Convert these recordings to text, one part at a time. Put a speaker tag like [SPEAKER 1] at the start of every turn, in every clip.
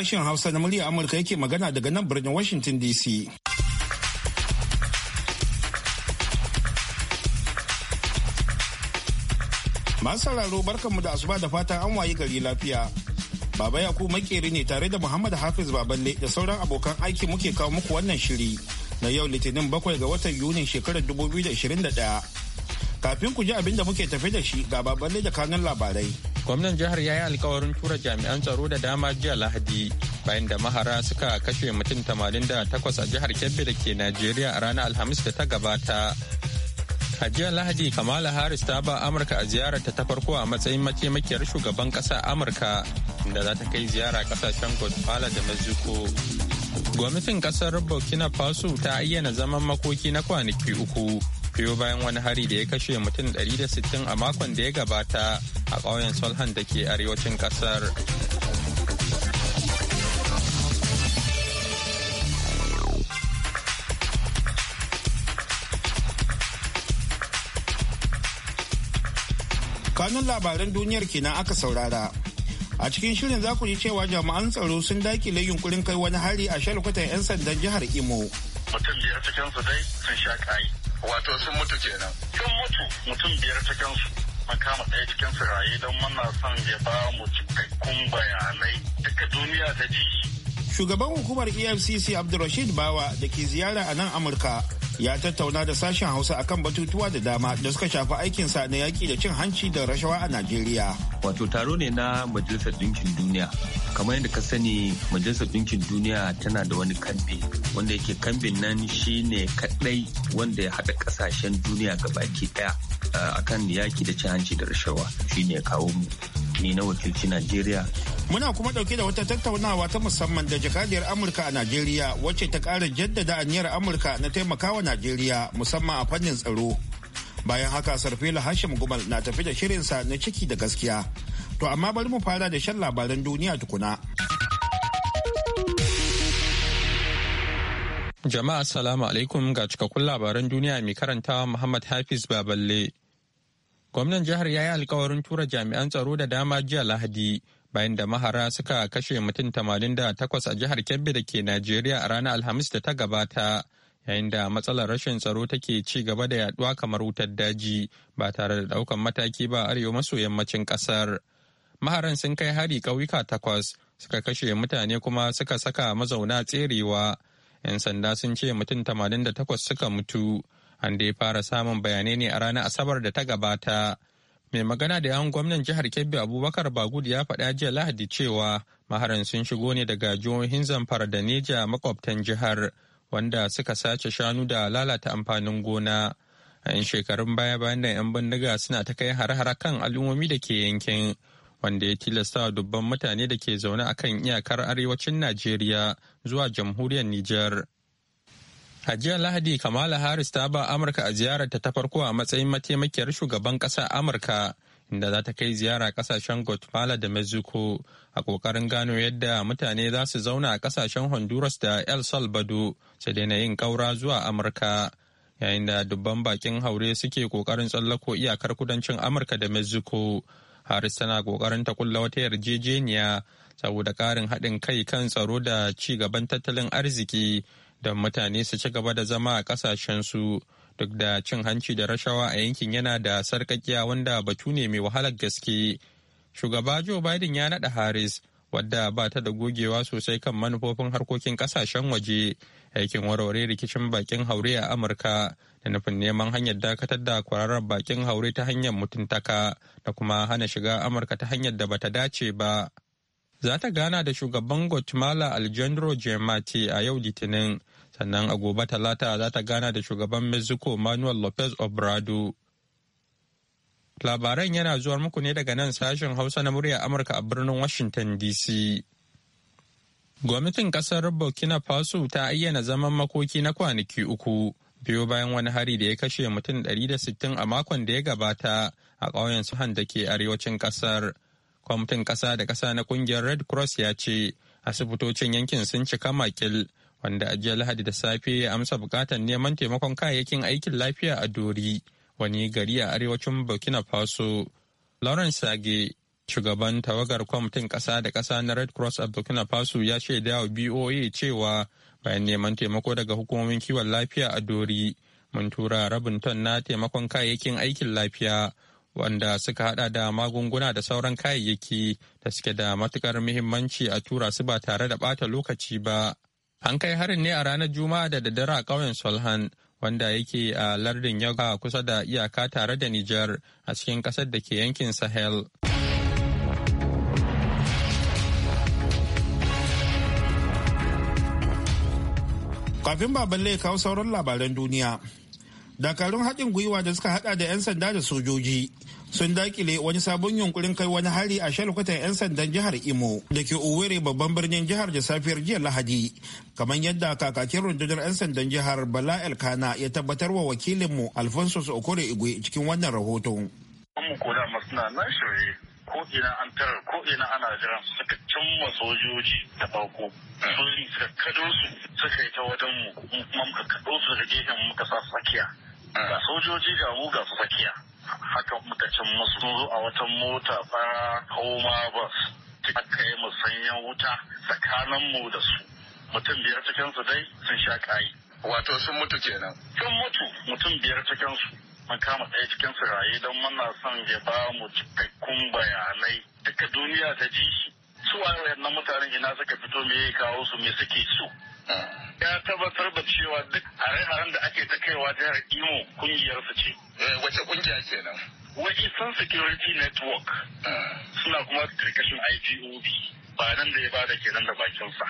[SPEAKER 1] sashen Hausa na murya Amurka yake magana daga nan birnin Washington DC. Masu sauraro barkanmu da asuba da fatan an waye gari lafiya. Baba Yakubu makeri ne tare da Muhammad Hafiz Baballe da sauran abokan aiki muke kawo muku wannan shiri na yau Litinin bakwai ga watan Yunin shekarar 2021. Kafin ku ji abin da muke tafi da shi ga Baballe da kanun labarai.
[SPEAKER 2] gwamnan jihar ya yi alkawarin tura jami'an tsaro da dama jiya lahadi bayan da mahara suka kashe mutum da 88 a jihar kebbi da ke najeriya a ranar alhamis da ta gabata a jiya lahadi kamala harris ta ba amurka a ziyarar ta farko a matsayin mataimakiyar shugaban kasa amurka da za ta kai ziyara kasashen guatemala da mexico gwamnatin kasar burkina faso ta ayyana zaman makoki na kwanaki uku biyo bayan wani hari da ya kashe mutum 160 a makon da ya gabata a ƙauyen Solhan da ke arewacin ƙasar.
[SPEAKER 1] kanun labaran duniyar kenan aka saurara. A cikin shirin za ku ji cewa jami'an tsaro sun dakile yunkurin kai wani hari a shalkwatan 'yan sandan jihar Imo.
[SPEAKER 3] Mutum biyar cikin su dai sun sha kayi wato sun mutu kenan. Sun mutu mutum biyar cikin su. kama ɗaya cikin siraye don muna son ya ba mu
[SPEAKER 1] cikakkun bayanai daga duniya ta ji. Shugaban hukumar EFCC Abdulrashid Bawa da ke ziyara a nan Amurka ya tattauna da sashen hausa akan batutuwa da dama da suka shafi aikinsa na yaƙi da cin hanci da rashawa a najeriya
[SPEAKER 4] wato taro ne na majalisar ɗinkin duniya kamar yadda ka sani majalisar ɗinkin duniya tana da wani kambe wanda yake kambin nan shi ne kaɗai wanda ya haɗa kasashen duniya gabaki ɗaya eh, akan yaƙi da cin hanci da rashawa shi ne kawo mu ni na wakilci Najeriya.
[SPEAKER 1] Muna kuma dauke da wata tattaunawa ta musamman da jakadiyar Amurka a Najeriya wacce ta ƙara jaddada aniyar Amurka na taimakawa Najeriya musamman a fannin tsaro. Bayan haka Sarfila Hashim Gumal na tafi da shirinsa na ciki da gaskiya. To amma bari mu fara da shan labaran duniya tukuna.
[SPEAKER 2] Jama'a salamu alaikum ga cikakkun labaran duniya mai karantawa Muhammad Hafiz Baballe. Gwamnan jihar ya yi alkawarin tura jami'an tsaro da dama jiya Lahadi bayan da mahara suka kashe mutum tamanin da takwas a jihar Kebbi da ke Najeriya a ranar Alhamis da ta gabata yayin da matsalar rashin tsaro take ci gaba da yaduwa kamar wutar daji ba tare da daukan mataki ba arewa maso yammacin kasar. Maharan sun kai hari ƙauyuka takwas suka kashe mutane kuma suka saka mazauna tserewa. 'Yan sanda sun ce mutum tamanin da takwas suka mutu. An ya fara samun bayanai ne a ranar Asabar da ta gabata. Mai magana da yawan gwamnan jihar Kebbi Abubakar Bagud ya faɗa jiya Lahadi cewa maharan sun shigo ne daga jihohin Zamfara da Neja makwabtan jihar wanda suka sace shanu da lalata amfanin gona. A 'yan shekarun baya bayan da 'yan bindiga suna ta kai har-har kan al'ummomi da ke yankin. wanda ya tilasta dubban mutane da ke zaune a kan iyakar arewacin Najeriya zuwa jamhuriyar Nijar. A jiya Lahadi, Kamala Harris ta ba Amurka a ziyararta ta farko a matsayin mataimakiyar shugaban ƙasa Amurka, inda za ta kai ziyara ƙasashen Guatemala da Mexico a ƙoƙarin gano yadda mutane za su zauna a ƙasashen Honduras da El Salvador su daina yin ƙaura zuwa Amurka. Yayin da dubban bakin haure suke ƙoƙarin tsallako iyakar kudancin Amurka da Mexico, Harris tana ƙoƙarin ta kulla wata yarjejeniya saboda ƙarin haɗin kai kan tsaro da ci gaban tattalin arziki don mutane su ci gaba da zama a ƙasashensu duk da cin hanci da rashawa a yankin yana da sarƙaƙiya wanda batu ne mai wahalar gaske. Shugaba Joe Biden ya naɗa Harris wadda ba ta da gogewa sosai kan manufofin harkokin ƙasashen waje aikin warware rikicin bakin haure a Amurka da nufin neman hanyar dakatar da kwararar bakin haure ta hanyar mutuntaka da kuma hana shiga Amurka ta hanyar da bata dace ba. Za ta gana da shugaban Guatemala Alejandro jemati a yau Litinin sannan a gobe talata za ta gana da shugaban mexico manuel lopez obrado labaran yana zuwa muku ne daga nan sashen hausa na murya amurka a birnin washington dc gwamnatin kasar burkina faso ta ayyana zaman makoki na kwanaki uku biyo bayan wani hari da ya kashe mutum 160 a makon da ya gabata a ƙauyen suhan da ke arewacin kasar kwamitin ƙasa da ƙasa na ƙungiyar red cross ya ce asibitocin yankin sun cika makil wanda a jiya Lahadi da safe ya amsa bukatar neman taimakon kayayyakin aikin lafiya a Dori, wani gari a arewacin Burkina Faso. Lawrence Sage, shugaban tawagar kwamitin ƙasa da ƙasa na Red Cross a Burkina Faso ya shaida wa BOA cewa bayan neman taimako daga hukumomin kiwon lafiya a Dori, mun tura rabin ton na taimakon kayayyakin aikin lafiya wanda suka hada da magunguna da sauran kayayyaki da suke da matukar muhimmanci a tura su ba tare da bata lokaci ba. An kai harin ne a ranar Juma'a da daddare a ƙauyen Solhan wanda yake a lardin Yoga kusa da iyaka tare da Nijar a cikin ƙasar da ke yankin Sahel.
[SPEAKER 1] Kafin baballe kawo sauran labaran duniya, dakarun haɗin gwiwa da suka hada da 'yan sanda da sojoji sun dakile wani sabon yunkurin kai wani hari a shalkwatan 'yan sandan jihar imo da ke owerri babban birnin jihar da safiyar jiya lahadi kamar yadda kakakin rundunar 'yan sandan jihar bala elkana ya tabbatar wa wakilinmu alfonso okore igwe cikin wannan rahoton ko ina an ko ina ana
[SPEAKER 3] jiran suka cimma sojoji da farko sun suka kado su suka yi ta wajen mu kuma muka kado su da gefen muka sa tsakiya Mm. ga sojoji ga wuga su tsakiya haka muka cin musu zo a wata mota fara homa bus aka yi musanyen wuta tsakanin mu da su mutum biyar cikin su dai sun sha kayi wato sun mutu kenan sun mutu mutum biyar cikin su mun kama ɗaya cikin su raye don muna son ya ba mu cikakkun bayanai duka duniya ta ji su wayo na mutanen ina suka fito me ya kawo su me suke so ya tabbatar da cewa duk are haren da ake ta kaiwa jihar Imo kungiyar su ce. Eh, wace kungiya kenan? Western Security Network ah. suna kuma karkashin IPOB ba nan da ya bada kenan da bakinsa.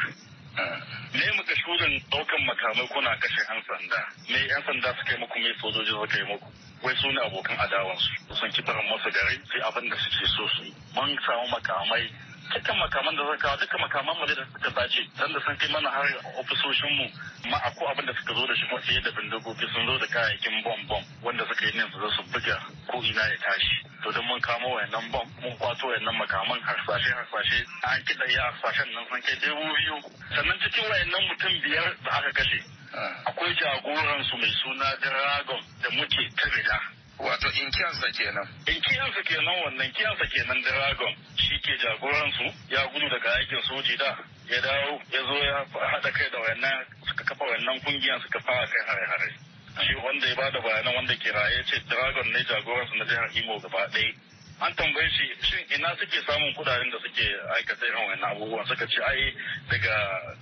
[SPEAKER 3] Ah. Me ga shugan daukan makamai kuna kashe 'yan sanda? Me 'yan sanda suka yi muku me sojoji suka yi muku? wai su ne abokan adawansu sun kifarin masu gari sai abin da suke so su mun samu makamai dukkan makaman da zaka dukkan makaman mu da suka sace dan da sun kai mana har ofisoshin mu ma akwai abin da suka zo da shi ko sai da bindigogi sun zo da kayayyakin bom bom wanda suka yi ne su su buga ko ina ya tashi to dan mun kamo wayannan bom mun kwato wayannan makaman harsashe harsashe an kiɗa ya harsashen nan sun kai dubu biyu sannan cikin wayannan mutum biyar da aka kashe ah. akwai jagoransu mai suna dragon da muke ta wato inkiyansa kenan inkiyansa kenan wannan kiyansa kenan dragon shi ke jagoransu ya gudu daga aikin soji da ya dawo ya zo ya haɗa kai da wannan suka kafa wannan kungiyar suka fara kai hare-hare shi wanda ya bada bayanan wanda ke raye ce dragon ne jagoransu na jihar imo gaba ɗaya an tambaye shi shin ina suke samun kudaden da suke aikata irin wannan abubuwan suka ce ai daga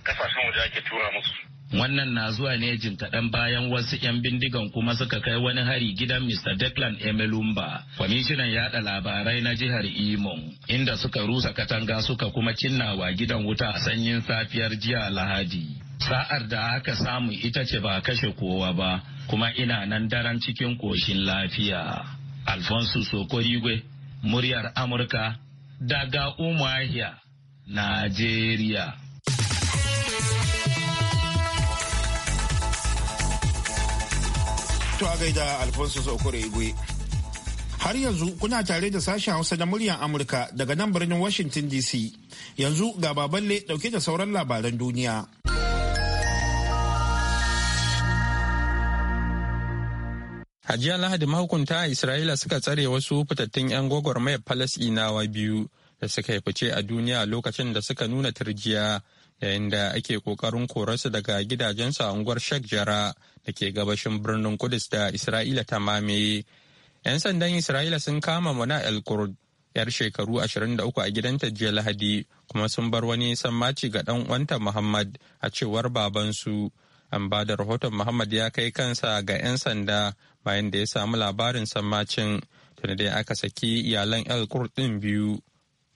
[SPEAKER 3] kasashen waje ake tura musu
[SPEAKER 5] Wannan
[SPEAKER 1] na zuwa ne jin kaɗan bayan wasu 'yan bindigan kuma suka kai wani hari gidan Mr. Declan Emelumba, kwamishinan yada labarai na jihar Imo, inda suka rusa katanga suka kuma
[SPEAKER 4] cinnawa gidan wuta a sanyin
[SPEAKER 1] safiyar jiya Lahadi. Sa'ar da aka samu ita ce ba kashe kowa ba, kuma ina nan daren cikin koshin lafiya. Alfonso Sokorigwe, muryar Amurka, daga Umuahia, Najeriya. To a gaida Alfonso Sokore Igwe. Har yanzu kuna tare da sashen Hausa na muryar Amurka daga nan birnin Washington DC. Yanzu ga baballe dauke da sauran labaran duniya.
[SPEAKER 2] A jiya Lahadi mahukunta a Isra'ila suka tsare wasu fitattun 'yan gwagwarmayar Falasɗinawa biyu da suka yi fice a duniya lokacin da suka nuna turjiya yayin da ake kokarin korarsu daga gidajensu a unguwar Sheikh Jara da ke gabashin birnin Kudus da Isra'ila ta mamaye. 'Yan sandan Isra'ila sun kama mana El Kurd, 'yar shekaru 23 a gidanta jiya Lahadi, kuma sun bar wani sammaci ga ɗan uwanta Muhammad a cewar babansu. An ba da rahoton Muhammad ya kai kansa ga 'yan sanda bayan da ya samu labarin sammacin, tunda dai aka saki iyalan El Kurd ɗin biyu.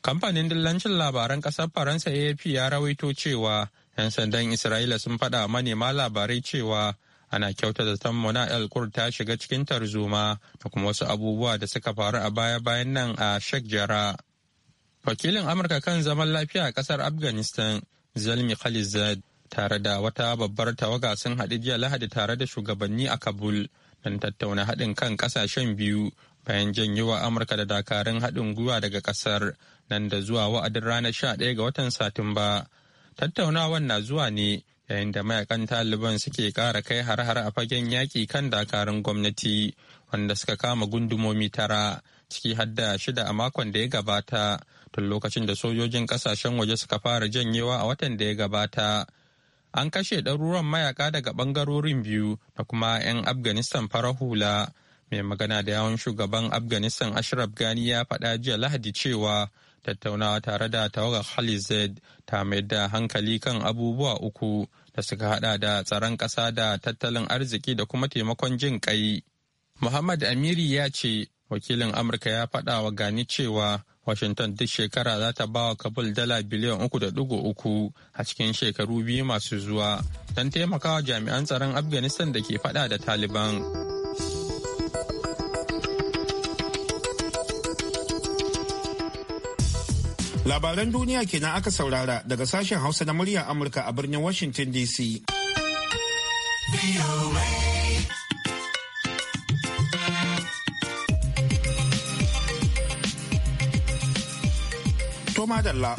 [SPEAKER 2] Kamfanin dillancin labaran ƙasar Faransa AFP ya rawaito cewa 'yan sandan Isra'ila sun faɗa manema labarai cewa ana kyauta da tammuna El Kur ta shiga cikin tarzoma da kuma wasu abubuwa da suka faru a baya-bayan nan a Sheikh Jara. Wakilin Amurka kan zaman lafiya a ƙasar Afghanistan, Zalmi Khalizad, tare da wata babbar tawaga sun haɗu jiya Lahadi tare da shugabanni a Kabul don tattauna haɗin kan ƙasashen biyu bayan janyewa amurka da dakarun haɗin gwiwa daga ƙasar nan da zuwa wa'adin ranar sha ɗaya ga watan satumba tattaunawan na zuwa ne yayin da mayakan taliban suke ƙara kai har-har a fagen yaƙi kan dakarun gwamnati wanda suka kama gundumomi tara ciki har da shida a makon da ya gabata tun lokacin da sojojin ƙasashen waje suka fara janyewa a watan da ya gabata an kashe ɗaruruwan mayaka daga ɓangarorin biyu da kuma 'yan afghanistan fara hula mai magana da yawan shugaban afghanistan ashraf gani ya faɗa jiya lahadi cewa tattaunawa tare da tawagar halis ta mai da hankali kan abubuwa uku da suka hada da tsaron ƙasa da tattalin arziki da kuma taimakon jin kai. muhammad amiri ya ce wakilin amurka ya faɗa wa gani cewa washington duk shekara za ta ba wa kabul dala biliyan uku da dugu uku a cikin shekaru biyu masu zuwa don taimakawa jami'an tsaron afghanistan da ke faɗa da taliban
[SPEAKER 1] Labaran duniya kenan aka saurara daga sashen Hausa na muryar Amurka a birnin Washington DC. Toma Dalla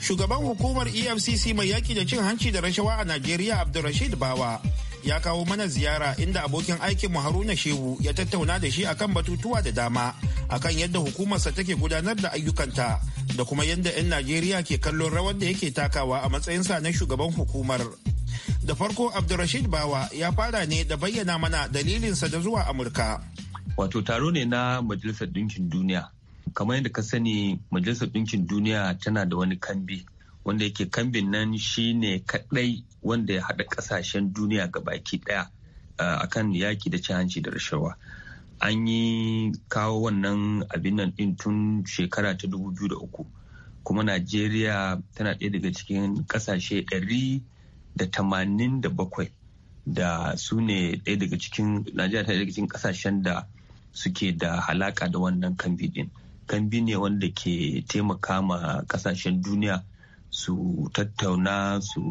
[SPEAKER 1] Shugaban hukumar EFCC mai yaƙi da cin hanci da rashawa a Najeriya Abdulrashid Bawa ya kawo mana ziyara inda abokin aikinmu Haruna Shehu ya tattauna da shi akan batutuwa da dama akan yadda hukumarsa take gudanar da ayyukanta da kuma yadda 'yan Najeriya ke kallon rawar da yake takawa a matsayinsa na shugaban hukumar. Da farko Abdulrashid Bawa ya fara ne da bayyana mana dalilinsa da zuwa Amurka.
[SPEAKER 4] Wato taro ne na Majalisar Ɗinkin Duniya. Kamar yadda ka sani Majalisar Ɗinkin Duniya tana da wani kambi wanda yake kambin nan shine kaɗai wanda ya haɗa ƙasashen duniya ga baki ɗaya eh, kan yaƙi da cin hanci da rashawa an yi kawo wannan abin nan ɗin tun shekara ta 2003 kuma najeriya tana ɗaya daga cikin ƙasashe 187 da su ne ɗaya daga cikin najeriya ta daga cikin ƙasashen da suke da halaƙa da wannan kambi din. kambi ne wanda ke taimaka ma ƙasashen duniya su tattauna su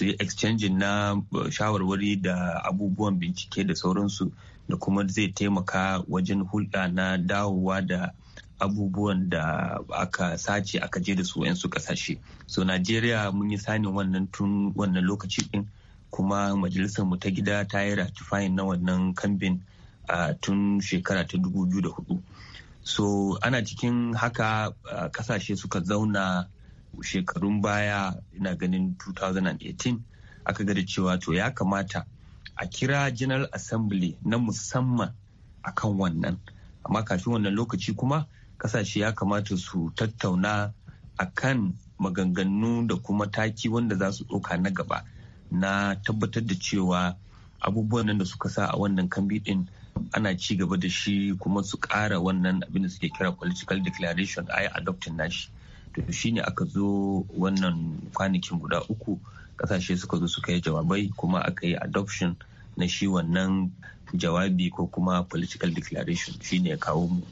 [SPEAKER 4] yi exchanging na shawarwari da abubuwan bincike da sauransu da kuma zai taimaka wajen hulɗa na dawowa da abubuwan da aka sace aka je da su su kasashe so najeriya mun yi sanin wannan tun wannan lokaci din kuma majalisar mu ta gida ta yi ratifayin na wannan kambin a tun shekara ta da hudu so ana cikin haka kasashe suka zauna shekarun baya ina ganin 2018 aka ga da cewa to ya kamata a kira general assembly na musamman a kan wannan amma kafin wannan lokaci kuma kasashe ya kamata su tattauna a kan maganganu da kuma taki wanda za su ɗauka na gaba na tabbatar da cewa abubuwan nan da suka sa a wannan kambi din ana ci gaba da shi kuma su ƙara wannan abin da suke kira political declaration a yi adoptin nashi to shine aka zo wannan kwanakin guda uku kasashe suka zo suka yi jawabai kuma aka yi adoption na shi wannan jawabi ko kuma political declaration shine ya kawo mu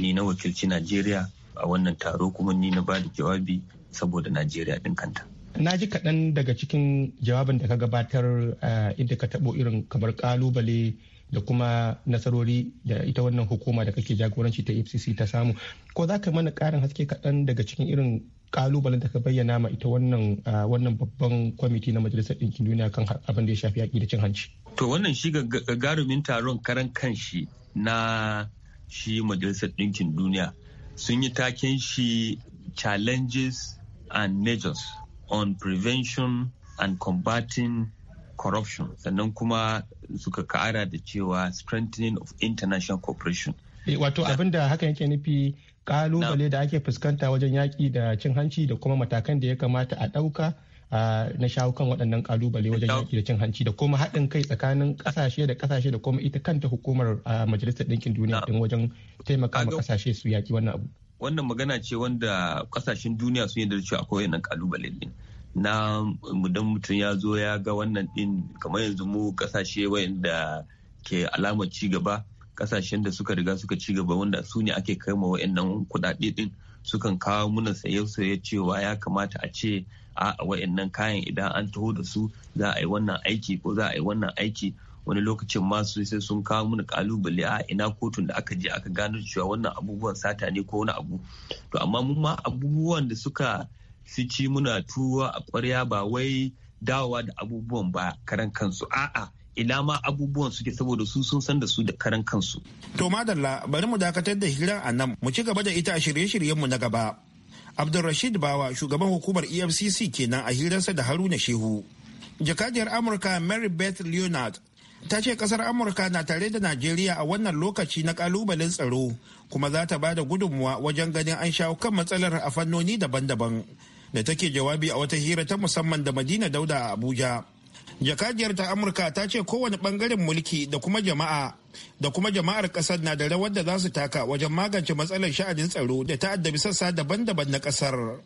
[SPEAKER 4] ni na wakilci najeriya a wannan taro kuma ni na bada jawabi saboda najeriya din kanta
[SPEAKER 5] na ji kaɗan daga cikin jawabin da ka gabatar eh, inda ka taɓo irin kamar ƙalubale da kuma nasarori da ita wannan hukuma da kake jagoranci ta fcc ta samu ko za ka mana karin haske kaɗan daga cikin irin kalubalen da ka bayyana ma ita wannan wannan babban kwamiti na majalisar ɗinkin duniya kan abin da ya shafi yaƙi
[SPEAKER 4] da cin hanci. to wannan shi gagarumin taron karan kanshi na shi majalisar ɗinkin duniya sun yi taken shi challenges and measures on prevention and combating corruption sannan kuma suka kara da cewa strengthening of international cooperation
[SPEAKER 5] eh, wato abin da hakan yake nufi kalubale da ake fuskanta wajen yaƙi da cin hanci da kuma matakan da ya kamata a ɗauka na shawo kan waɗannan kalubale wajen yaƙi da cin hanci da kuma haɗin kai tsakanin ƙasashe da ƙasashe da kuma ita kanta hukumar majalisar ɗinkin duniya ɗin wajen taimaka ma ƙasashe su yaƙi wannan abu.
[SPEAKER 4] Wannan magana ce wanda ƙasashen duniya sun yarda cewa akwai wannan kalubale ne. na mudan mutum ya zo ya ga wannan din kamar yanzu mu kasashe wayanda ke alamar ci gaba kasashen da suka riga suka ci gaba wanda su ne ake kai ma wayannan kuɗaɗe din sukan kawo muna saye-saye cewa ya kamata a ce a wayannan kayan idan an taho da su za a yi wannan aiki ko za a yi wannan aiki wani lokacin ma su sai sun kawo muna kalubale a ina kotun da aka je aka gano cewa wannan abubuwan sata ne ko wani abu to amma mun ma abubuwan da suka su muna tuwa a ƙwarya ba wai dawowa da abubuwan ba karan kansu a'a ina ma abubuwan suke saboda su sun san da su da karan kansu.
[SPEAKER 1] To madalla bari mu dakatar da hirar a nan mu ci gaba da ita a shirye-shiryenmu na gaba. Abdulrashid Bawa shugaban hukumar EFCC kenan a hirarsa da Haruna Shehu. Jakadiyar Amurka Mary Beth Leonard ta ce kasar Amurka na tare da Najeriya a wannan lokaci na kalubalen tsaro kuma za ta ba da gudunmuwa wajen ganin an shawo kan matsalar a fannoni daban-daban. da take jawabi a wata hira ta musamman da madina dauda a abuja jakadiyar ta amurka ta ce kowane bangaren mulki da kuma jama'a da kuma jama'ar kasar na da rawar da za su taka wajen magance matsalar sha'adin tsaro da ta addabi sassa daban-daban na kasar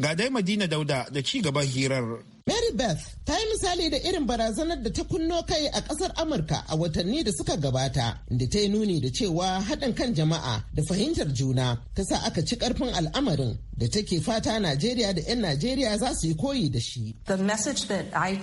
[SPEAKER 1] ga dai madina dauda da ci gaban hirar
[SPEAKER 5] Mary Beth ta yi misali da irin barazanar da ta kunno kai a ƙasar Amurka a watanni da suka gabata, inda ta yi nuni da cewa haɗin kan jama'a da fahimtar juna ta sa aka ci ƙarfin al'amarin da take fata Najeriya da 'yan Najeriya za su yi koyi da shi. The message that I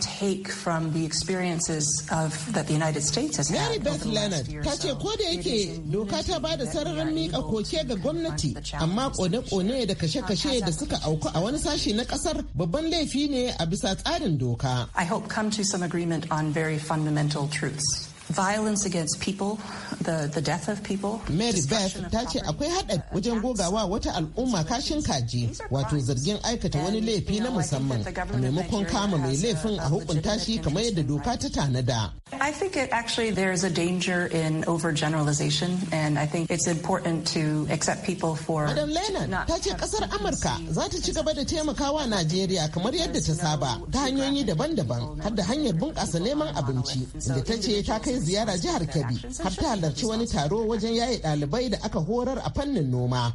[SPEAKER 5] from the experiences
[SPEAKER 6] of the United States has Mary Beth Leonard
[SPEAKER 5] ta ce ko da yake doka ta ba da sararin miƙa koke ga gwamnati amma kone-kone da kashe-kashe da suka auku a wani sashi na ƙasar babban laifi ne a bisa doka. I hope come to some agreement on very fundamental truths. violence against people, the, the death of people. Mary Beth ta ce akwai haɗa uh, wajen gogawa wata al'umma kashin kaji wato zargin aikata wani laifi na musamman a maimakon kama mai uh, laifin a hukunta shi kamar yadda doka ta tanada. I think it actually there's a danger in overgeneralization and I think it's important to accept people for Madam Lennon ta ce kasar Amurka za ta ci gaba da taimakawa Najeriya kamar yadda ta saba ta hanyoyi daban-daban har da hanyar bunƙasa neman abinci inda ta ce ta kai kai ziyara jihar Kebbi har ta halarci wani taro wajen yaye ɗalibai da aka horar a fannin noma.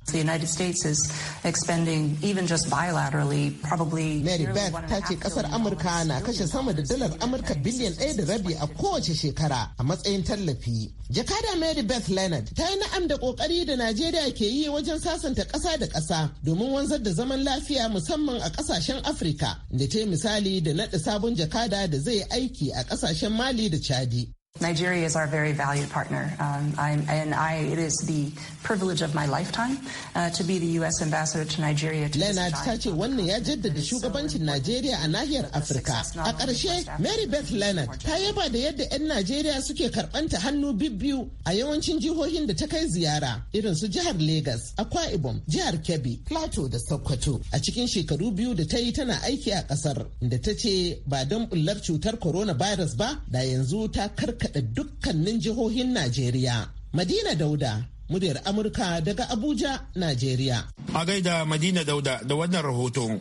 [SPEAKER 5] Mary Beth ta ce kasar Amurka na kashe sama da dalar Amurka biliyan ɗaya da rabi a kowace shekara a matsayin tallafi. Jakada Mary Beth Leonard ta yi na'am da kokari da Najeriya ke yi wajen sasanta ƙasa da ƙasa domin wanzar da zaman lafiya musamman a ƙasashen Afirka da ta yi misali da naɗa sabon jakada da zai aiki a ƙasashen Mali da Chadi. Nigeria is our very valued partner, um, and I, it is the privilege of my lifetime uh, to be the U.S. ambassador to Nigeria. Lena ta ce wannan ya jaddada shugabancin Najeriya a nahiyar Afirka. A ƙarshe, Mary Beth Leonard ta yaba da yadda 'yan Najeriya suke karɓanta hannu bibbiyu a yawancin jihohin da ta kai ziyara, irin su jihar Legas, Akwa Ibom, jihar Kebbi, Plateau da Sokoto. A cikin shekaru biyu da ta yi tana aiki a ƙasar, da ta ce ba don bullar cutar coronavirus ba, da yanzu ta karka karkaɗa dukkanin jihohin Najeriya. Madina Dauda, muryar Amurka daga Abuja, Najeriya.
[SPEAKER 1] A gaida Madina Dauda da wannan rahoto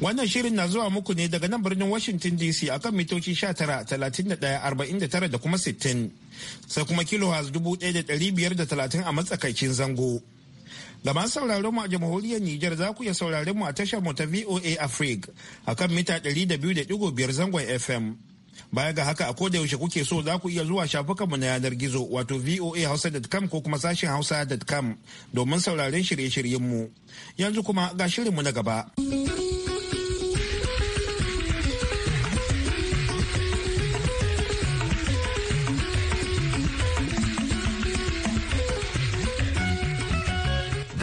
[SPEAKER 1] Wannan shirin na zuwa muku ne daga nan birnin Washington DC a kan mitoci 19,31,49 da kuma 60. Sai kuma da 1,530 a matsakaicin zango. Da masu sauraron mu a jamhuriyar Nijar za ku iya sauraron mu a tashar mu ta VOA Africa a kan mita 200.5 zangon FM. Baya ga haka a koda yaushe kuke so za ku iya zuwa shafukanmu na yanar gizo wato voahausa.com ko kuma sashen hausa.com domin sauraren shirye-shiryenmu. Yanzu kuma ga shirinmu na gaba.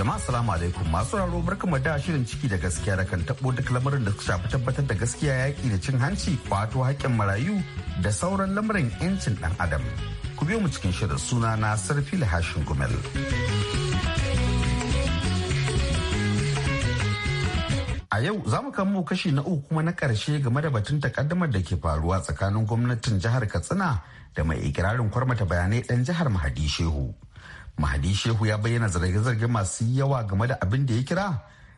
[SPEAKER 7] jama'a salamu alaikum masu raro barkamu da shirin ciki da gaskiya da kan tabo duk lamarin da shafi tabbatar da gaskiya yaki da cin hanci wato haƙƙin marayu da sauran lamarin 'yancin dan adam ku biyo mu cikin shirin suna na sarfi hashin gumel a yau za mu kamo kashi na uku kuma na karshe game da batun takaddamar da ke faruwa tsakanin gwamnatin jihar katsina da mai ikirarin kwarmata bayanai ɗan jihar mahadi shehu mahadi shehu ya bayyana zarge-zarge masu yawa game da abin da ya kira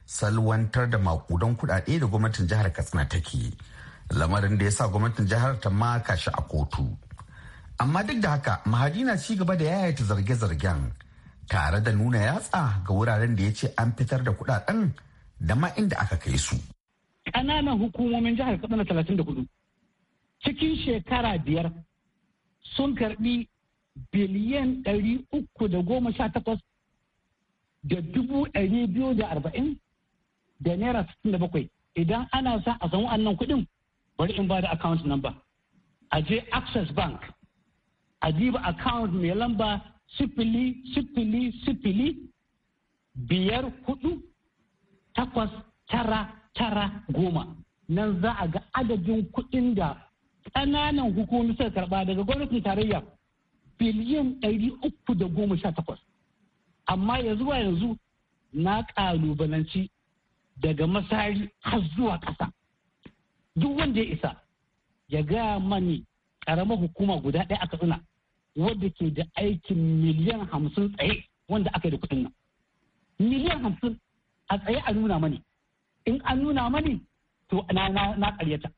[SPEAKER 7] salwantar da makudan kudade da gwamnatin jihar katsina take lamarin da ya sa gwamnatin jihar ta maka shi a kotu amma duk da haka mahadi na ci gaba da yayata zarge-zargen tare da nuna yatsa ga wuraren da ya ce an fitar da kudaden da ma inda aka kai su
[SPEAKER 6] ƙananan hukumomin jihar katsina talatin cikin shekara biyar sun karbi biliyan ɗari uku da goma sha takwas da dubu ɗari biyu da arba'in da naira sittin da bakwai idan ana sa a samu annan kuɗin bari in ba da account number a je access bank a diba account mai lamba sifili sifili sifili biyar hudu takwas tara tara goma nan za a ga adadin kuɗin da ƙananan hukumomi suka karɓa daga gwamnatin tarayya biliyan ɗari uku da goma sha takwas amma ya zuwa yanzu na ƙalubalanci daga masari har zuwa ƙasa duk wanda ya isa ya ga mani ƙaramar hukuma guda ɗaya a Katsina wadda ke da aikin miliyan hamsin tsaye wanda aka yi da kuɗin nan miliyan hamsin a tsaye a nuna mani in an nuna mani to na na ƙaryata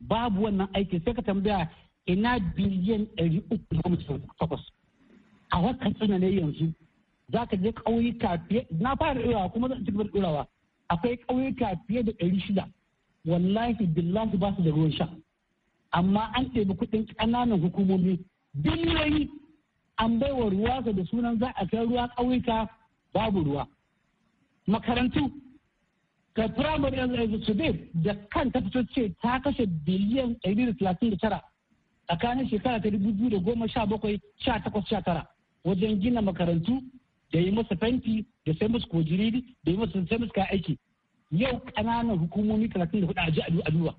[SPEAKER 6] babu wannan aikin sai ka tambaya ina biliyan ɗari a wata tsina ne yanzu za ka je ƙauyuka fiye na fara ɗorawa kuma zan ci gaba da ɗorawa akwai ƙauyuka fiye da ɗari shida wallahi billahi ba su da ruwan sha amma an ɗebi kuɗin ƙananan hukumomi biliyoyi an baiwa ruwa ga da sunan za a kai ruwa ƙauyuka babu ruwa makarantu ga firamare yanzu su da kan ta fito ce ta kashe biliyan ɗari tsakanin shekara ta dubu biyu da goma sha bakwai sha takwas sha tara wajen gina makarantu da yi masa fenti da sai musu kojiri da yi masa sai musu kayan aiki yau kananan hukumomi talatin da hudu a jihar aduwa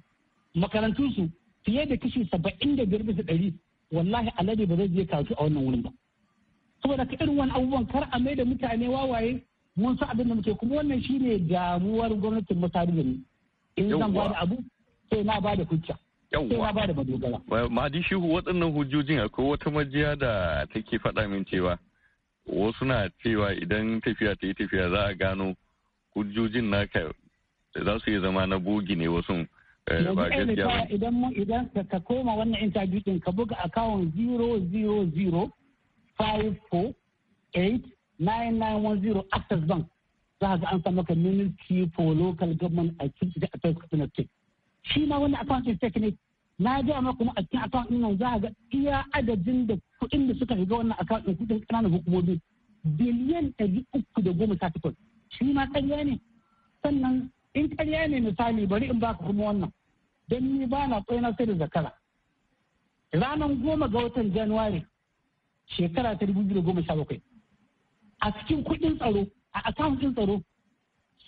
[SPEAKER 6] makarantun su fiye da kashi saba'in da biyar bisa ɗari wallahi alade ba zai je karatu a wannan wurin ba saboda ka irin wani abubuwan kar a mai da mutane wawaye mun san abin da muke kuma wannan shine damuwar gwamnatin masarufin in zan ba da abu sai na ba da hujja yawwa ba da madogara
[SPEAKER 8] madi shi waɗannan hujjojin akwai wata majiya da take faɗa min cewa wasu na cewa idan tafiya ta yi tafiya za a gano hujjojin naka za su yi zama na bogi ne wasu eh, ba gaskiya ba
[SPEAKER 6] idan mu idan ka koma wannan interview din ka buga akawun nine nine one zero access bank za ka ga an samu maka ministry for local government cikin da affairs state shi ma wani accounting technique ne na ji ma kuma a cikin account ɗin nan za ga iya adadin da kuɗin da suka shiga wannan account ɗin kuɗin ƙananan hukumomi biliyan ɗari uku da goma sha takwas shi ma ƙarya ne sannan in ƙarya ne misali bari in baka kuma wannan don ni ba na tsaye sai da zakara ranar goma ga watan januwari shekara ta dubu biyu da goma sha bakwai a cikin kuɗin tsaro a akawun tsaro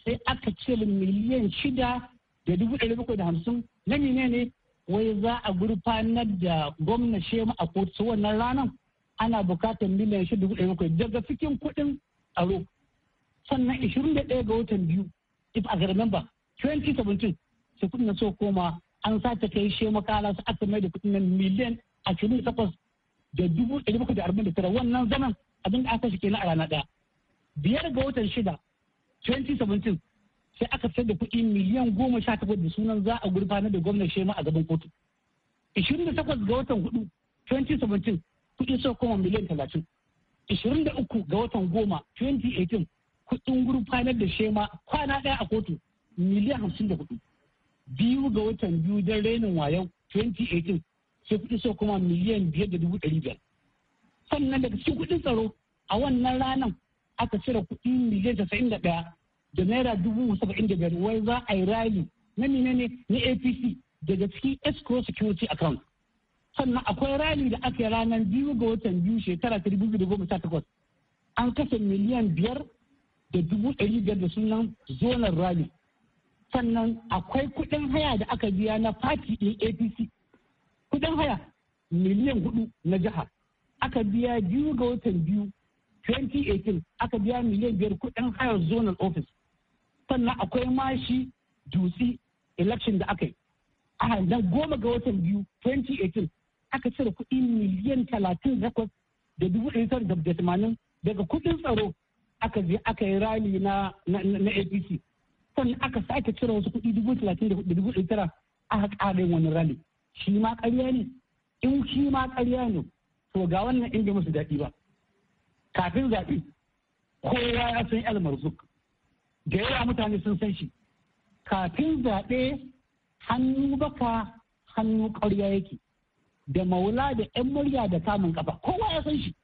[SPEAKER 6] sai aka ce miliyan shida da dubu ɗari bakwai da hamsin na mine ne wai za a gurfanar da gwamna shema a kotu wannan ranar ana bukatar miliyan shi dubu ɗari bakwai daga cikin kuɗin aro sannan ishirin da ɗaya ga watan biyu if a remember 2017 su kuɗin na so koma an sace kai shema kala su aka mai da kuɗin nan miliyan ashirin takwas da dubu ɗari bakwai da arba'in da tara wannan zaman abin da aka shi kenan a rana ɗaya biyar ga watan shida 2017 sai aka fitar da kuɗi miliyan goma sha takwas da sunan za a gurfanar da gwamnan shema a gaban kotu. Ishirin da takwas ga watan hudu 2017 kuɗi sau kuma miliyan talatin. Ishirin da uku ga watan goma 2018 kuɗin gurfanar da shema kwana ɗaya a kotu miliyan hamsin da hudu. Biyu ga watan biyu don renin wayo 2018 sai kuɗi sau kuma miliyan biyar da dubu ɗari biyar. Sannan daga cikin kuɗin tsaro a wannan ranar aka cire kuɗi miliyan casa'in da ɗaya da naira dubu saba'in da biyar wai za a yi rali na ne ne na apc daga cikin escrow security account sannan akwai rali da aka yi ranar biyu ga watan biyu shekara ta dubu da goma sha takwas an kashe miliyan biyar da dubu ɗari biyar da sunan zonar rali sannan akwai kuɗin haya da aka biya na fati in apc kuɗin haya miliyan hudu na jiha aka biya biyu ga watan biyu 2018 aka biya miliyan biyar kuɗin hayar zonal office sannan akwai mashi dutsi election da aka yi a nan goma ga watan biyu 2018 aka cire kuɗi miliyan talatin takwas da dubu da tamanin daga kuɗin tsaro aka je aka yi rali na apc sannan aka sake cire wasu kuɗi dubu talatin da dubu tara aka ƙara wani rali shi ma ƙarya ne in shi ma ƙarya ne to ga wannan in bai musu daɗi ba kafin zaɓe kowa ya san yan marzuk da yawa mutane sun san shi kafin zaɓe hannu baka hannu ƙarya yake da maula da 'yan murya da kamun kafa kowa ya san shi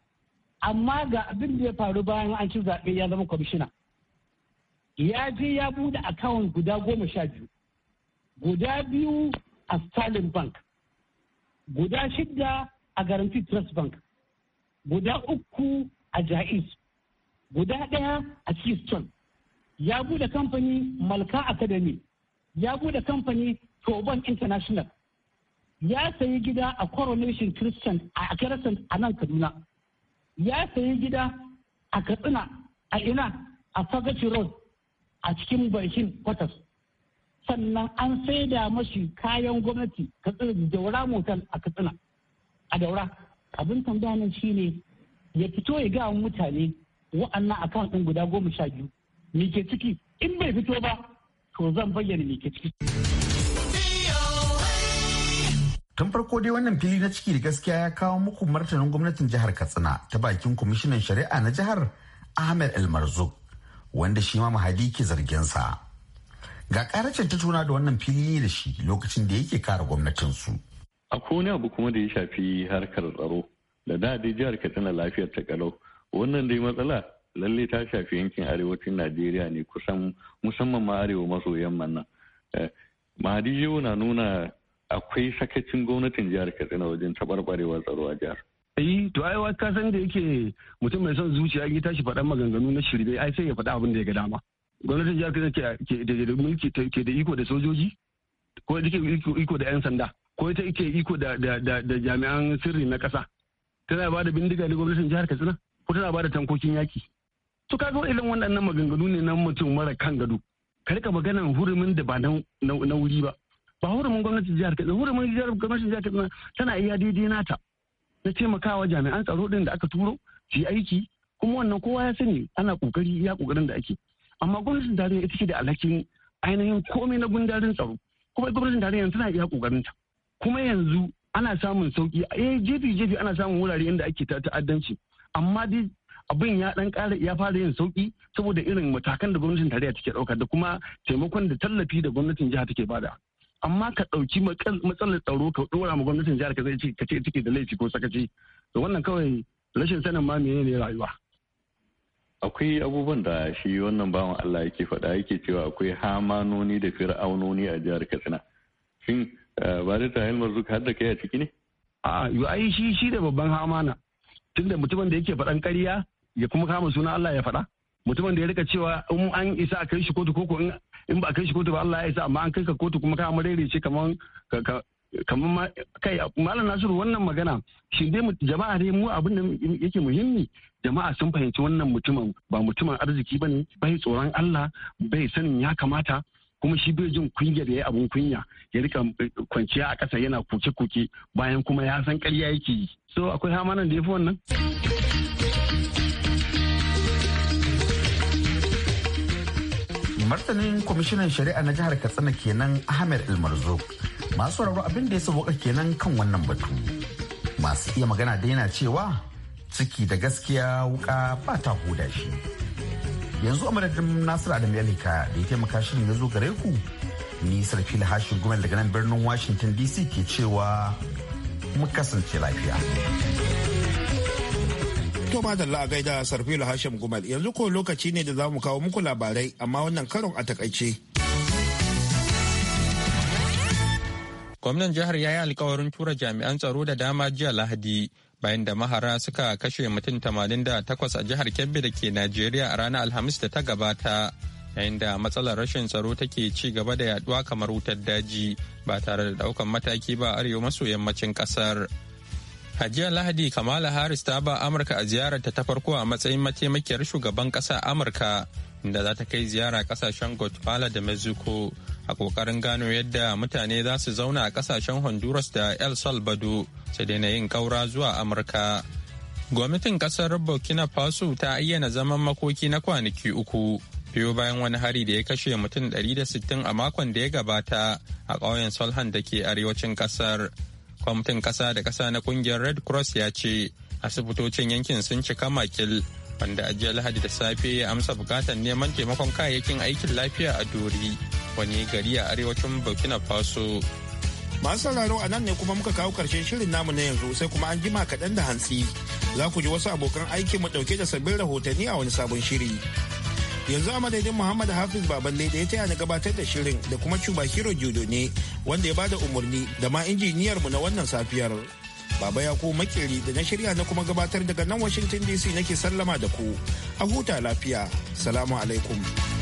[SPEAKER 6] amma ga abin da ya faru bayan an ci zaɓe ya zama kwamishina ya je ya buɗe akawun guda goma sha biyu guda biyu a stalin bank guda shida a garanti trust bank guda uku a jais guda ɗaya a keystone ya bude kamfani malka academy ya bude kamfani toban international ya sayi gida a coronation christian a crescent a nan kaduna ya sayi gida a katsina a ina a fagaci road a cikin bakin kwatas sannan an sai da mashi kayan gwamnati katsina daura motar a katsina a daura abin tambaya nan shine ya fito ya ga mutane wa'annan akan ɗin guda goma sha biyu me ke ciki in bai fito ba to zan bayyana me ke ciki tun farko dai wannan fili na ciki
[SPEAKER 7] da gaskiya ya kawo muku martanin gwamnatin jihar katsina ta bakin kwamishinan shari'a na jihar ahmed elmarzuk wanda shi ma mahadi ke zargensa ga karacin ta tuna da wannan fili da shi lokacin da yake kare gwamnatinsu
[SPEAKER 8] akwai wani abu kuma da ya shafi harkar tsaro da da jihar katsina lafiyar ta kalau wannan dai matsala lalle ta shafi yankin arewacin najeriya ne kusan musamman ma arewa maso yamman nan eh, mahadi yau na nuna akwai sakacin gwamnatin jihar katsina wajen tabarbarewar tsaro a jihar yi to ai ka san da yake mutum mai son zuciya ya tashi faɗan maganganu na shirye ai sai ya faɗa abin da ya ga dama gwamnatin jihar katsina ke da mulki ke da iko da sojoji ko ke iko da yan sanda ko ita ke iko da jami'an sirri na ƙasa tana ba da bindiga da gwamnatin jihar katsina ko tana ba da tankokin yaki su zo irin waɗannan maganganu ne na mutum mara kan gado ka rika maganan hurumin da ba na wuri ba ba hurumin gwamnatin jihar katsina hurumin gwamnatin jihar katsina tana iya daidai nata na taimakawa jami'an tsaro ɗin da aka turo su yi aiki kuma wannan kowa ya sani ana kokari iya kokarin da ake amma gwamnatin tarayya ita ce da alhakin ainihin komai na gundarin tsaro kuma gwamnatin tarayya tana iya kokarin ta kuma yanzu ana samun sauki a eh, jefi jefi ana samun wurare inda ake ta'addanci amma dai abin ya dan ƙara ya fara yin sauki saboda irin matakan da gwamnatin tarayya take ɗauka da kuma taimakon da tallafi da gwamnatin jiha take bada amma ka ɗauki matsalar tsaro ka dora ma gwamnatin jihar ka zai ce take da laifi ko sakaci to wannan kawai rashin sanin ma menene rayuwa akwai abubuwan da shi wannan bawan Allah yake faɗa yake cewa akwai hamanoni da fir'aunoni a jihar Katsina. Shin eh, ba da ta Helmar zuka har da kai a ciki ne? A yi shi shi da babban hamana. Tunda mutumin da yake faɗan ƙarya ya kuma kama suna Allah ya faɗa mutumin da ya rika cewa in an isa a kai shi kotu koko in ba a kai shi kotu ba Allah ya isa amma an kai ka kotu kuma kama rere ce kaman kaman kai malam nasiru wannan magana shi dai jama'a dai mu abin da yake muhimmi jama'a sun fahimci wannan mutumin ba mutumin arziki ba ne bai tsoron Allah bai sanin ya kamata kuma shi bai jin kunya da ya abun kunya ya rika eh, kwanciya a ƙasa yana kuke-kuke bayan kuma ya san ƙarya yake yi so akwai hamanan da ya fi wannan.
[SPEAKER 7] martanin kwamishinan shari'a na jihar katsina kenan ahmed almarzo masu raro abin da ya saboka kenan kan wannan batu masu iya magana da yana cewa ciki da gaskiya wuka ba ta huda shi yanzu a madadin nasiru adam yalika da ya taimaka shirin ya zo gare ku ni sarfi hashin gumel daga nan birnin washington dc ke cewa mu kasance lafiya. To ma talla a gaida Sarfilu Hashim Gumal
[SPEAKER 1] yanzu ko lokaci ne da za mu kawo muku labarai amma wannan karon a takaice.
[SPEAKER 2] Gwamnan jihar ya yi alkawarin tura jami'an tsaro da dama jiya Lahadi bayan da mahara suka kashe mutum tamanin da takwas a jihar Kebbi da ke Najeriya a ranar Alhamis da ta gabata. yayin da matsalar rashin tsaro take ci gaba da yaduwa kamar wutar daji ba tare da daukan mataki ba arewa maso yammacin kasar. A jiya Lahadi, Kamala Harris ta ba Amurka a ziyararta ta farko a matsayin mataimakiyar shugaban ƙasa Amurka, inda za ta kai ziyara kasashen Guatemala da Mexico a kokarin gano yadda mutane za su zauna a kasashen Honduras da El Salvador su daina yin kaura zuwa Amurka. Gwamnatin kasar Burkina Faso ta ayyana zaman makoki na kwanaki uku. biyo bayan wani hari da ya kashe mutum 160 a makon da ya gabata a ƙauyen Solhan da ke arewacin kasar. kwamitin kasa da kasa na kungiyar red cross ya ce asibitocin yankin sun cika makil wanda ajiyar lahadi da safe ya amsa bukatar neman taimakon kayayyakin aikin lafiya a dori wani gari a arewacin burkina faso
[SPEAKER 1] masu sauraro a nan ne kuma muka kawo karshen shirin namu na yanzu sai kuma an jima kaɗan da hantsi za ku ji wasu abokan aiki mu ɗauke da sabbin rahotanni a wani sabon shiri yanzu a madadin muhammad hafiz ne da ya taya na gabatar da shirin da kuma cuba hero judo ne wanda ya bada umarni da ma injiniyar mu na wannan safiyar baba ya ko makeri da na shirya na kuma gabatar daga nan washington dc nake sallama da ku a huta lafiya salamu alaikum